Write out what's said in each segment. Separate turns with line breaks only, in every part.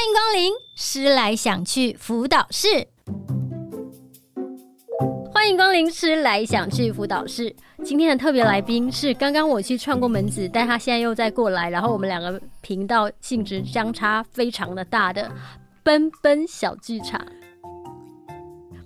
歡迎光臨獅來想去腐導室。歡迎光臨獅來想去腐導室。今天的特別來賓是剛剛我去串過門子，但他現在又在過來，然後我們兩個頻道性質相差非常的大的奔奔小劇場。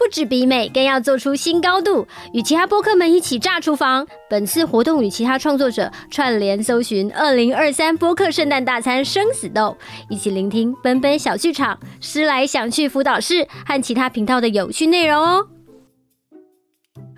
不止比美，更要做出新高度。與其他播客們一起炸廚房。本次活動與其他創作者串聯搜尋二零二三播客聖誕大餐生死鬥，一起聆聽奔奔小劇場、獅來想去腐導室和其他頻道的有趣內容哦。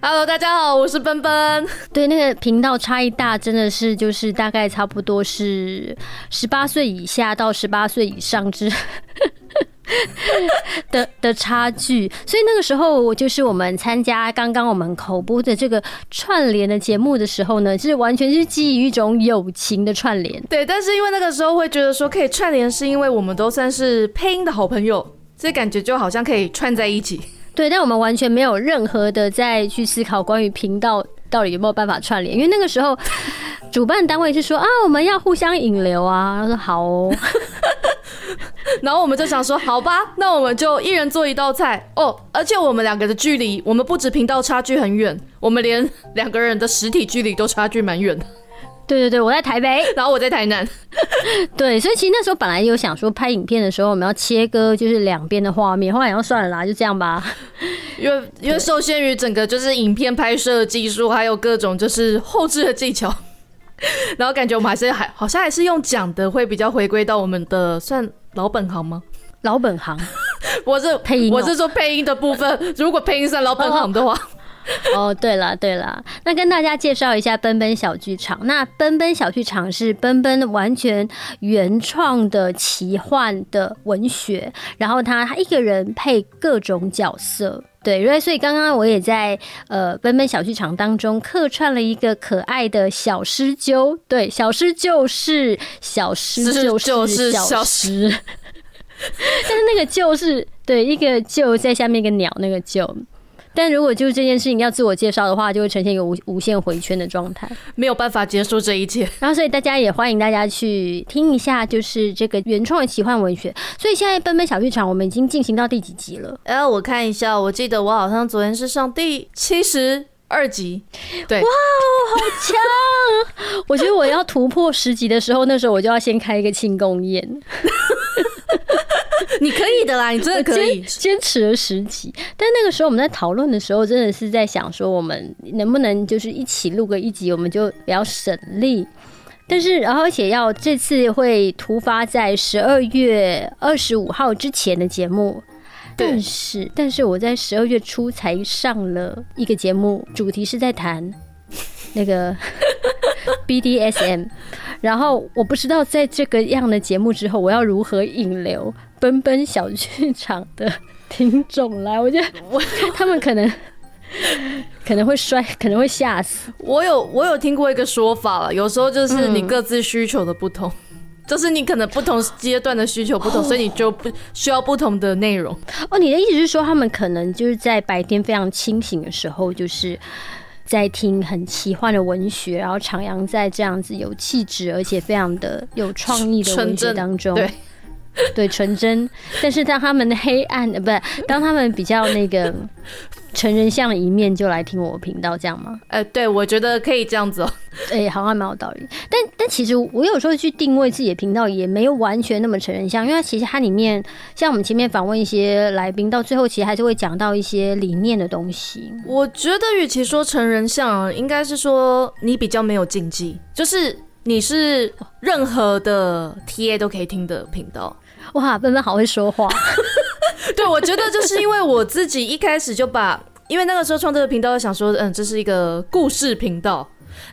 Hello，大家好，我是奔奔。對，那個頻道差異大，真的是就是大概差不多是十八歲以下到十八歲以上之。 的的差距，所以那個時候，我就是我們參加剛剛我們口播的這個串聯的節目的時候呢，是完全是基於一種友情的串聯。
對，但是因為那個時候會覺得說可以串聯，是因為我們都算是配音的好朋友，這感覺就好像可以串在一起。
對，但我們完全沒有任何的再去思考關於頻道到底有沒有辦法串聯，因為那個時候主辦單位是說啊，我們要互相引流啊，他說好、哦。 然後我們就想說，好吧，那我們就一人做一道菜哦。而
且我們兩個的距離，我們不止頻道差距很遠，我們連兩個人的實體距離都差距蠻遠的。
對對對，我在台北，然後我在台南。對，所以其實那時候本來有想說拍影片的時候，我們要切割就是兩邊的畫面，後來然後算了啦，就這樣吧。因
為因為受限於整個就是影片拍攝技術，還有各種就是後製的技巧，然後感覺我們還是還好像還是用講的會比較回歸到我們
的算。老本行嗎？老本行，
我是配音、哦、我是說配音的部分。如果配音是老本行的話。哦
哦、 oh，對了對了，那跟大家介紹一下《奔奔小劇場》。那《奔奔小劇場》是奔奔完全原創的奇幻的文學，然後他他一個人配各種角色。對，因為所以剛剛我也在呃《奔奔小劇場》當中客串了一個可愛的小獅鷲。對，小獅、就是、就是小獅，就是就是小獅。但是那個鷲、就是對一個就在下面一個鳥那個鷲。但如果就這件事情要自我介紹的話，就會呈現一個無無限回圈的狀態，
沒有辦法結束這一切。
然後，所以大家也歡迎大家去聽一下，就是這個原創的奇幻文學。所以現在奔奔小劇場，我們已經進行到第幾集了？哎，我看一下，我記得我好像昨天是上第七十二集，對，哇哦，好強！我覺得我要突破十集的時候，那時候我就要先開一個慶功宴。你可以的啦，你真的可以堅持了十集。但那個時候我們在討論的時候，真的是在想說，我們能不能就是一起錄個一集，我們就比較省力。但是，然後而且要這次會突發在十二月二十五號之前的節目，但是，但是我在十二月初才上了一個節目，主題是在談那個 BDSM，然後我不知道在這個樣的節目之後，我要如何引流。奔奔小劇場的聽眾來，我覺得我他們可能可能會摔，可能會嚇死。我有我有
聽過一個說法了，有時候就是你各自需求的不同，嗯、就是你可能不同階段的需求不同，哦、所以你就
不需要不同的內容。哦，你的意思是說，他們可能就是在白天非常清醒的時候，就是在聽很奇幻的文學，然後徜徉在這樣子有氣質而且非常的有創意的文字當中，對。 對，純真，但是在他們的黑暗，不是，當他們比較那個成人向的一面，就來聽我頻道這樣嗎？呃、欸，對，我
覺得可以這樣子哦、喔。哎、
欸，好像蠻有道理。但但其實我有時候去定位自己的頻道，也沒有完全那麼成人向，因為它其實它裡面像我們前面訪問一些來賓，到最後其實還是會講到一些理念的東西。
我覺得與其說成人向，應該是說你比較沒有禁忌，就是。你是任何的 TA 都可以聽的頻道哇！真的好會說話， 對，我覺得就是因為我自己一開始就把， 因為那個時候創這個頻道想說，嗯，這是一個故事頻道，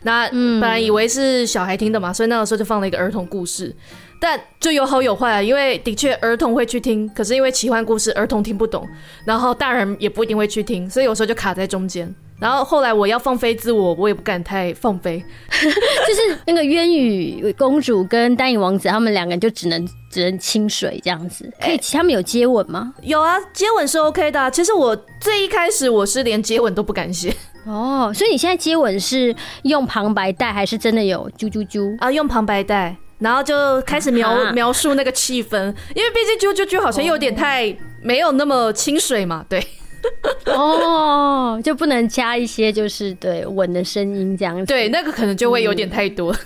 那本來以為是小孩聽的嘛，嗯、所以那個時候就放了一個兒童故事。.但就有好有壞啊，因為的確兒童會去聽，可是因為奇幻故事兒童聽不懂，然後大人也不一定會去聽，所以有時候就卡在中間。然後後來我要放飛自我，我也不敢太放飛，
就是那個冤羽公主跟丹影王子他們兩個人就只能只能清水這樣子。可以，他們有接吻嗎？欸？有啊，接吻是 OK 的。其實我最一開始我是連接吻都不敢寫哦，所以你現在接吻是用旁白帶還是真的有啾啾啾啊？用旁白帶。然後就開始描、啊、描述那個
氣氛，啊、因為畢竟啾啾啾好像有點太
沒有那麼清水嘛，對。哦， 就不能加一些就是對穩的聲音這樣子。對，那個可能就會有點太多。嗯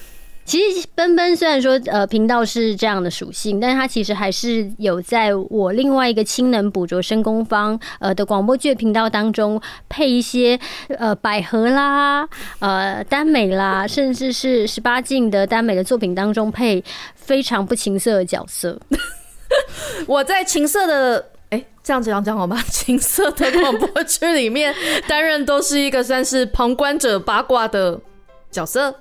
其實奔奔雖然說呃頻道是這樣的屬性，但是他其實還是有在我另外一個親能捕捉深攻方呃的廣播劇頻道當中配一些呃百合啦，呃耽美啦，甚至是十八禁的耽美的作品當中配非常不情色的角色。
我在情色的哎，這樣子講講好嗎？情色的廣播劇裡面擔 任都是一個算是旁觀者八卦的角色。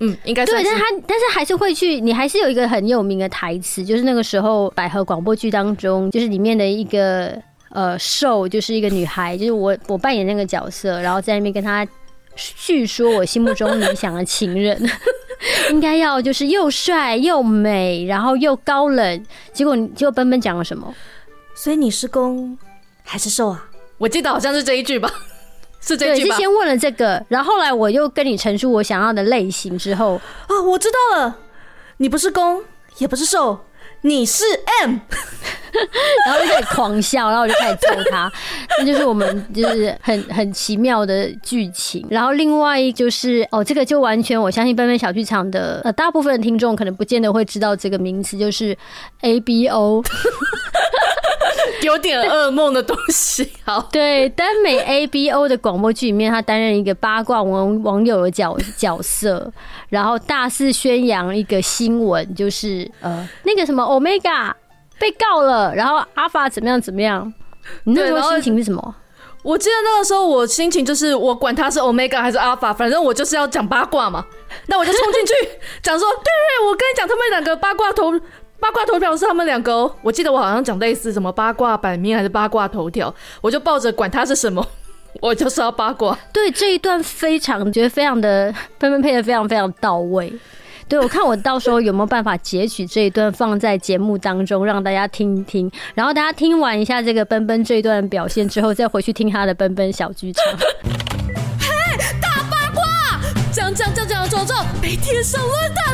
嗯，應該對，但是他但是還
是會去，你還是有一個很有名的台詞，就是那個時候百合廣播劇當中，就是裡面的一個呃，受就是一個女孩，就是我我扮演那個角色，然後在那邊跟他敘說我心目中理想的情人， 應該要就是又帥又美，然後又高冷，結果結果奔奔講了什麼？所以你是攻還是受啊？我
記得好像是這一句吧。
是這對，就先問了這個，然後，後來我又跟你陳述我想要的類型之後，啊、哦，我知道了，你不是攻，也不是受，你是 M， 然後就開始狂笑，然後我就開始抽他，對那就是我們就是很很奇妙的劇情。然後另外就是哦，這個就完全我相信奔奔小劇場的呃，大部分的聽眾可能不見得會知道這個名詞，就是 A B O。 有點噩夢的東西。好， 對，耽美 A B O 的廣播劇裡面，他擔任一個八卦網網友的角角色， 然後大肆宣揚一個新聞，就是呃，那個什麼 Omega 被告了，然後 Alpha 怎麼樣怎麼樣。你那個時候心情是什麼？
我記得那個時候我心情就是，我管他是 Omega 還是 Alpha，反正我就是要講八卦嘛。那我就衝進去講 說，對，對對，我跟你講，他們兩個八卦頭。八卦頭條是他們兩個哦，我記得我好像講類似什麼八卦版面還是八卦頭條，我就抱着管他是什麼，我
就是要八卦。對，這一段非常我覺得非常的奔奔配的非常非常到位。對，我看我到時候有沒有辦法截取這一段 放在節目當中，讓大家聽一聽，然後大家聽完一下這個奔奔這一段表現之後，再回去聽他的奔奔小劇場。嘿，
大八卦，講講講講走走，每天收溫的。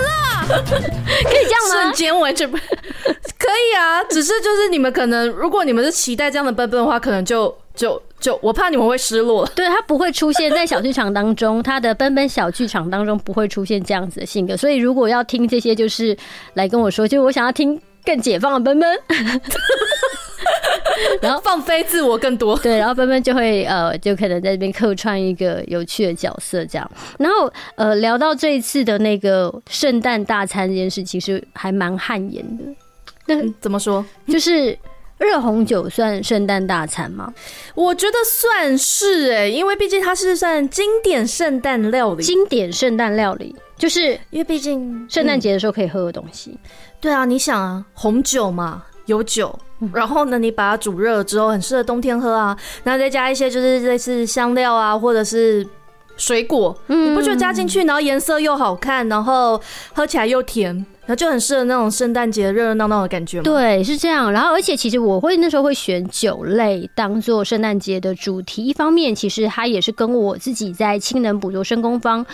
可以這樣嗎？瞬間
完全不，可以啊。只是就是你們可能，如果你們是期待這樣的奔奔的話，可能就就就，我怕你們會失落。對，他不會出現在小劇場當中，他的奔奔小劇場當中不會出現這樣子的性格。所以如果要聽這些，就是來跟我說，就我想要聽更解放的奔奔。 然後 放飛自我更多，對，然後奔奔就會呃，就可能在這邊客串一個有趣的角色，這樣。然後呃，聊到這一次的那個聖誕大餐這件事，其實還蠻汗顏的、嗯。那、嗯、怎麼說？就是熱紅酒算聖誕大餐嗎？ 我覺得算是哎、欸，因為畢竟它是算經典聖誕料理。經典聖誕料理，就是因為畢竟聖誕節的時候可以喝的東西。嗯、對啊，你想啊，紅
酒嘛。有酒，然後呢，你把它煮熱了之後，很適合冬天喝啊。那再加一些就是類似香料啊，或者是水果，你不覺得加進去，然後顏色又好看，然後喝起來又甜。那就很適合那種聖誕節熱熱鬧鬧的感覺。對，是
這樣。然後，而且其實我會那時候會選酒類當做聖誕節的主題。一方面，其實它也是跟我自己在《氫能捕捉聲工坊》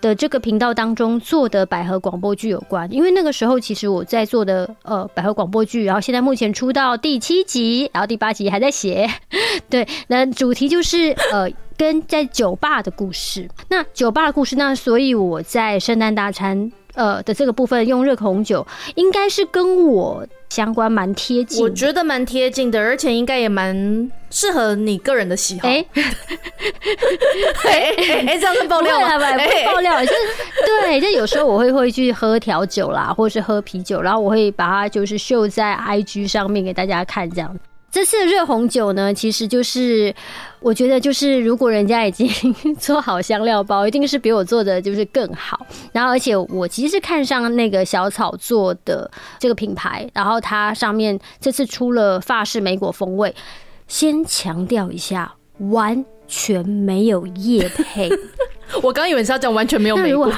的這個頻道當中做的百合廣播劇有關。因為那個時候，其實我在做的呃百合廣播劇，然後現在目前出到第七集，然後第八集還在寫。對，那主題就是呃跟在酒吧的故事。那酒吧的故事，那所以我在聖誕大餐。呃的這個部分用熱紅酒，應該是跟我相關蠻貼近的，我覺得蠻貼近的，而且應該也蠻適合你個人的喜好。哎
哎，這樣子爆，爆料，爆料，欸，就是
對，就有時候我會會去喝調酒啦， 或者是喝啤酒，然後我會把它就是秀在 IG 上面給大家看這樣子。這次的熱紅酒呢，其實就是我覺得就是，如果人家已經做好香料包，一定是比我做的就是更好。然後，而且我其實是看上那個小草做的這個品牌，然後它上面這次出了法式莓果風味。先強調一下，完全沒有業配。 我剛以為是要講完全沒有莓果。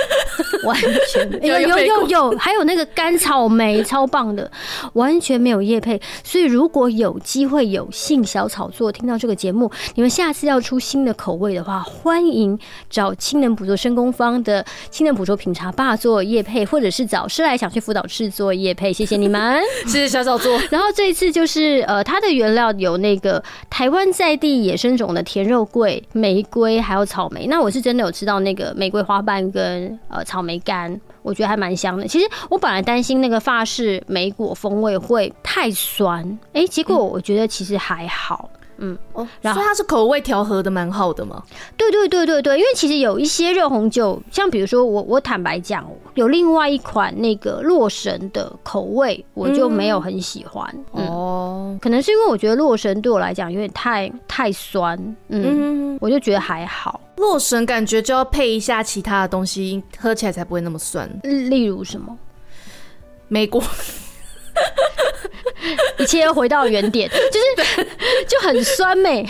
完全沒有有有有，還有那個乾草莓，超棒的，完全沒有業配。所以如果有機會有幸小草作聽到這個節目，你們下次要出新的口味的話，歡迎找青年捕捉深工方的青年捕捉品茶霸做業配，或者是找獅來想去腐導室做業配。謝謝你們，謝謝小草作。然後這一次就是呃，它的原料有那個台灣在地野生種的甜肉桂、玫瑰，還有草莓。那我是真的有吃到那個玫瑰花瓣跟。呃，草莓乾我覺得還蠻香的。其實我本來擔心那個法式莓果風味會太酸，哎，結果我覺得其實還好。嗯嗯，哦，然後所以它是口味調和的蠻好的嘛。對對對對對，因為其實有一些熱紅酒，像比如說我我坦白講，有另外一款那個洛神的口味，我就沒有很喜歡。嗯嗯、哦，可能是因為我覺得洛神對我來講有點太太酸，嗯，嗯我就覺得還好，
洛神感覺就要配一下其他的東西，喝起來才不會那麼酸，
例如什麼莓果。 一切回到原點，就是對 就很酸美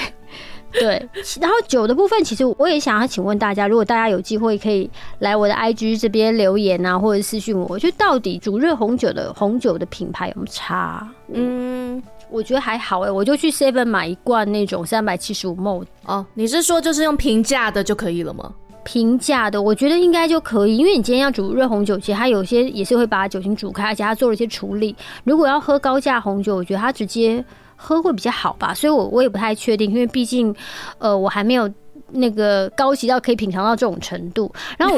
對，然後酒的部分，其實我也想要請問大家，如果大家有機會可以來我的 IG 這邊留言啊，或者私訊我，就到底主日紅酒的紅酒的品牌有沒有差、啊？嗯，我覺得還好哎、欸，我就去 Seven 買一罐那種三百七十五 ml 哦。你是說就是用平價的就可以了嗎？平價的，我覺得應該就可以，因為你今天要煮熱紅酒，其實它有些也是會把酒精煮開，而且它做了一些處理。如果要喝高價紅酒，我覺得它直接喝會比較好吧。所以我，我我也不太確定，因為畢竟，呃，我還沒有那個高級到可以品嘗到這種程度。然後，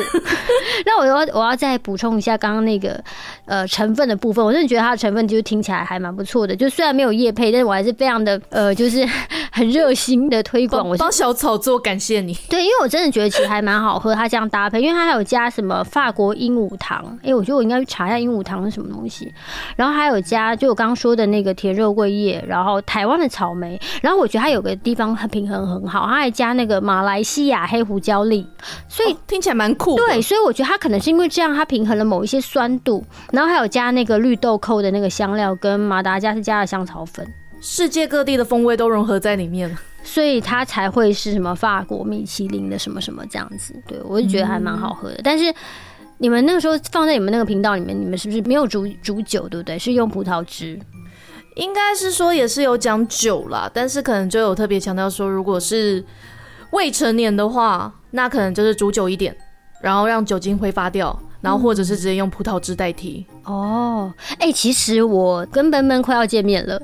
那 我要我要再補充一下剛剛那個呃成分的部分，我真的覺得它的成分就是聽起來還蠻不錯的，就雖然沒有業配，但是我還是非常的呃就是。很熱心的推廣，我幫小草做，感謝你。對，因為我真的覺得其實還蠻好喝，它這樣搭配，因為它還有加什麼法國鸚鵡糖，哎，我覺得我應該去查一下鸚鵡糖是什麼東西。然後還有加，就我剛剛說的那個甜肉桂葉，然後台灣的草莓，然後我覺得它有個地方很平衡很好，它還加那個馬來西亞黑胡椒粒，所以聽起來蠻酷。對，所以我覺得它可能是因為這樣，它平衡了某一些酸度，然後還有加那個綠豆蔻的那個香料，跟馬達加斯加的香草粉。世界各地的風味都融合在裡面了，所以它才會是什麼法國米其林的什麼什麼這樣子。對，我就覺得還蠻好喝的。嗯、但是你們那個時候放在你們那個頻道裡面，你們是不是沒有煮煮酒，對不對？是用葡萄汁？應該是說也是有講酒啦，但是可能就有特別強
調說，如果是未成年的話，那可能就是煮久一點，然後讓酒精揮發掉，然後或者是直接用葡萄汁代替。嗯嗯哦，哎、
欸，其實我跟奔奔快要見面了。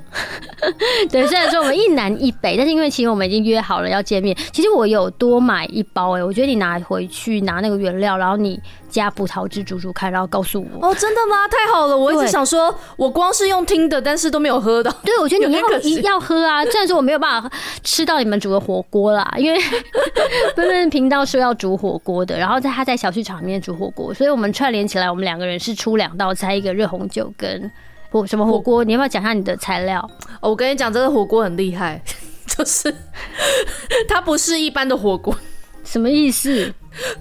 對，雖然說我們一南一北，但是因為其實我們已經約好了要見面。其實我有多買一包、欸，誒我覺得你拿回去拿那個原料，然後你。加葡萄汁煮，煮煮看，然後告訴我哦，真的嗎？太好了，我一直想說，對我光是用聽的，但是都沒有喝到。對，我覺得你要一要喝啊，雖然說我沒有辦法吃到你們煮的火鍋啦，因為奔奔頻道說要煮火鍋的，然後在他在小劇場裡面煮火鍋，所以我們串聯起來，我們兩個人是出兩道菜，一個熱紅酒跟火什麼火鍋，火你要不要講一下你的材料？哦、我跟你講，這個火鍋很厲害，就是
它不是一般的火鍋，什麼意思？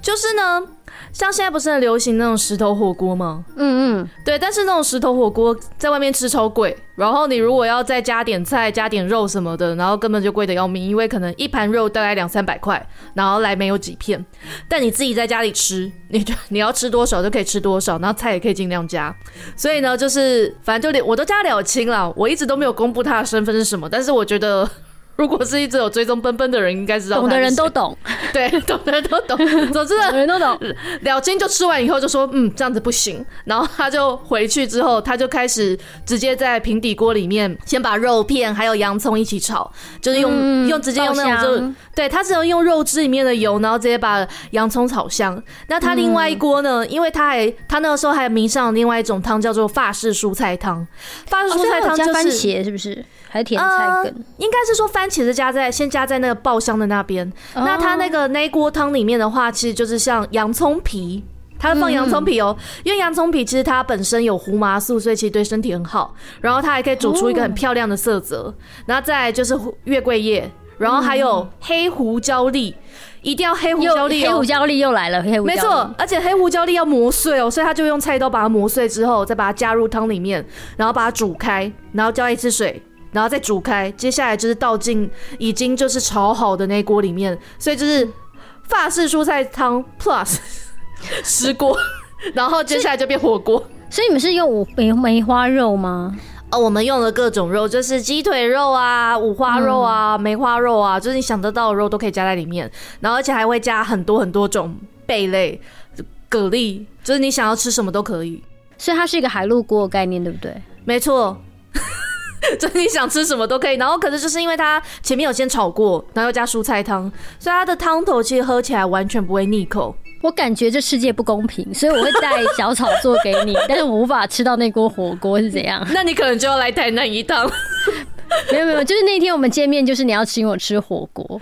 就是呢。像現在不是很流行那種石頭火鍋嗎？嗯嗯，對。但是那種石頭火鍋在外面吃超貴，然後你如果要再加點菜、加點肉什麼的，然後根本就貴得要命，因為可能一盤肉大概兩三百塊，然後來沒有幾片。但你自己在家裡吃，你就你要吃多少就可以吃多少，然後菜也可以儘量加。所以呢，就是反正就連我都加了清了，我一直都沒有公布他的身份是什麼，但是我覺得。如果是一直有追蹤奔奔的人，應該知道。懂的人都懂，對，懂的人都懂。總之，懂的人都懂。了金就吃完以後就說：“嗯，這樣子不行。”然後他就回去之後，他就開始直接在平底鍋裡面先把肉片還有洋蔥一起炒，就是用用直接用那種，對，他只能用肉汁裡面的油，然後直接把洋蔥炒香。那他另外一鍋呢？因為他還他那個時候還迷上了另外一種湯，叫做法式蔬菜湯。
法式蔬菜湯加番茄是不是？
還有甜菜根，應該是說番。其實加在先加在那個爆香的那邊，oh. 那它那個那鍋湯裡面的話，其實就是像洋蔥皮，它放洋蔥皮哦、喔，嗯、因為洋蔥皮其實它本身有胡麻素，所以其實對身體很好。然後它還可以煮出一個很漂亮的色澤。Oh. 然後再就是月桂葉，然後還有黑胡椒粒，一定要黑胡椒粒、喔，黑胡椒粒又來了，黑胡椒沒錯，而且黑胡椒粒要磨碎哦、喔，所以他就用菜刀把它磨碎之後，再把它加入湯裡面，然後把它煮開，然後澆一次水。然後再煮開，接下來就是倒進已經就是炒好的那鍋裡面，所以就是法式蔬菜湯 plus 石鍋，然後接下來就變火鍋。所以，所以你們是用梅梅花肉嗎？哦，我們用了各種肉，就是雞腿肉啊、五花肉啊、嗯、梅花肉啊，就是你想得到的肉都可以加在裡面，然後而且還會加很多很多種貝類、蛤蜊，就是你想要吃什麼都可以。所以它是一個海陸鍋的概念，對不對？沒錯。所以你想吃什麼都可以，然後可是就是因為它前面有先炒過，
然後又加蔬菜湯，所以它的湯頭其實喝起來完全不會膩口。我感覺這世界不公平，所以我會帶小炒做給你，但是我無法吃到那鍋火鍋是怎樣？
那你可能就要來台南一趟。
沒有沒有，就是那天我們見面，就是你要請我吃火鍋。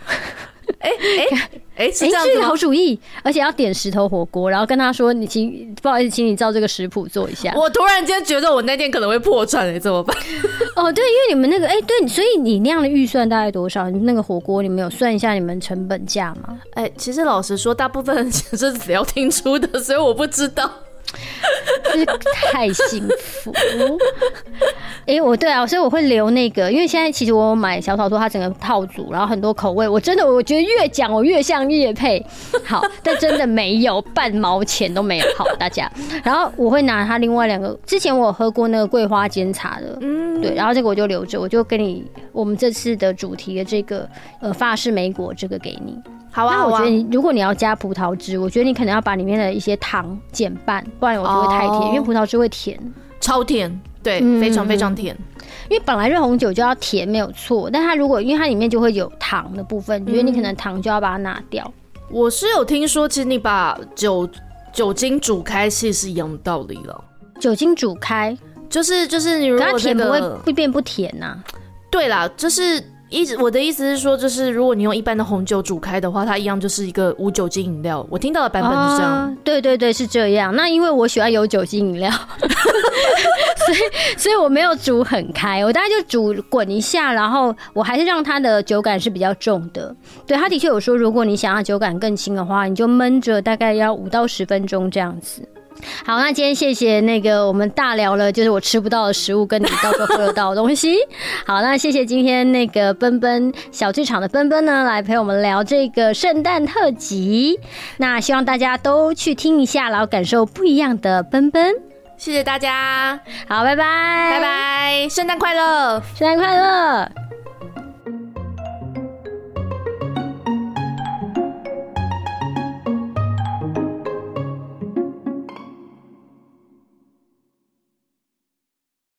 哎哎哎，哎、欸，欸、是這、欸、是個好主
意，而且要點石頭火鍋，然後跟他說：“你請，不好意思，請你照這個食譜做一下。”我
突然間覺得我那天可能會破產，欸，哎，怎麼辦？
哦，對，因為你們那個，哎、欸，對，所以你那樣的預算大概多少？那個火鍋你們有算一下你們成本價嗎？哎、欸，其實老實說，大部分是聊天出的，所以我不知道。是太幸福哎、欸，我對啊，所以我會留那個，因為現在其實我買小草說它整個套組，然後很多口味，我真的我覺得越講我越像業配，好，但真的沒有半毛錢都沒有，好大家，然後我會拿它另外兩個，之前我喝過那個桂花煎茶的，嗯，對，然後這個我就留着，我就跟你我們這次的主題的這個呃法式莓果這個給你。那我覺得，如果你要加葡萄汁，啊啊、我覺得你可能要把裡面的一些糖減半，不然我覺得太甜，哦、因為葡萄汁會甜，超甜，對，嗯、非常非常甜。因為本來熱紅酒就要甜，沒有錯。但它如果因為它裡面就會有糖的部分，所、嗯、得你可能糖就要把它拿掉。
我是有聽說，其實你把酒酒精煮開其實是一樣的道理了。
酒精煮開就是就是你如果、這個、甜不會會變不甜吶、啊？對啦，就是。意思我的意思是說，就是
如果你用一般的紅酒煮開的話，它一樣就是一個無酒精飲料。我聽到的版本是這樣，啊、
對對對，是這樣。那因為我喜歡有酒精飲料， 所以所以我沒有煮很開，我大概就煮滾一下，然後我還是讓它的酒感是比較重的。對，它的確有說，如果你想要酒感更輕的話，你就悶着大概要五到十分鐘這樣子。好，那今天謝謝那個我們大聊了，就是我吃不到的食物，跟你到時候喝得到的東西。 好，那謝謝今天那個奔奔小劇場的奔奔呢，來陪我們聊這個聖誕特輯。那希望大家都去聽一下，然後感受不一樣的奔奔。謝謝大家，好，拜拜，拜
拜，聖誕快樂，聖誕快樂。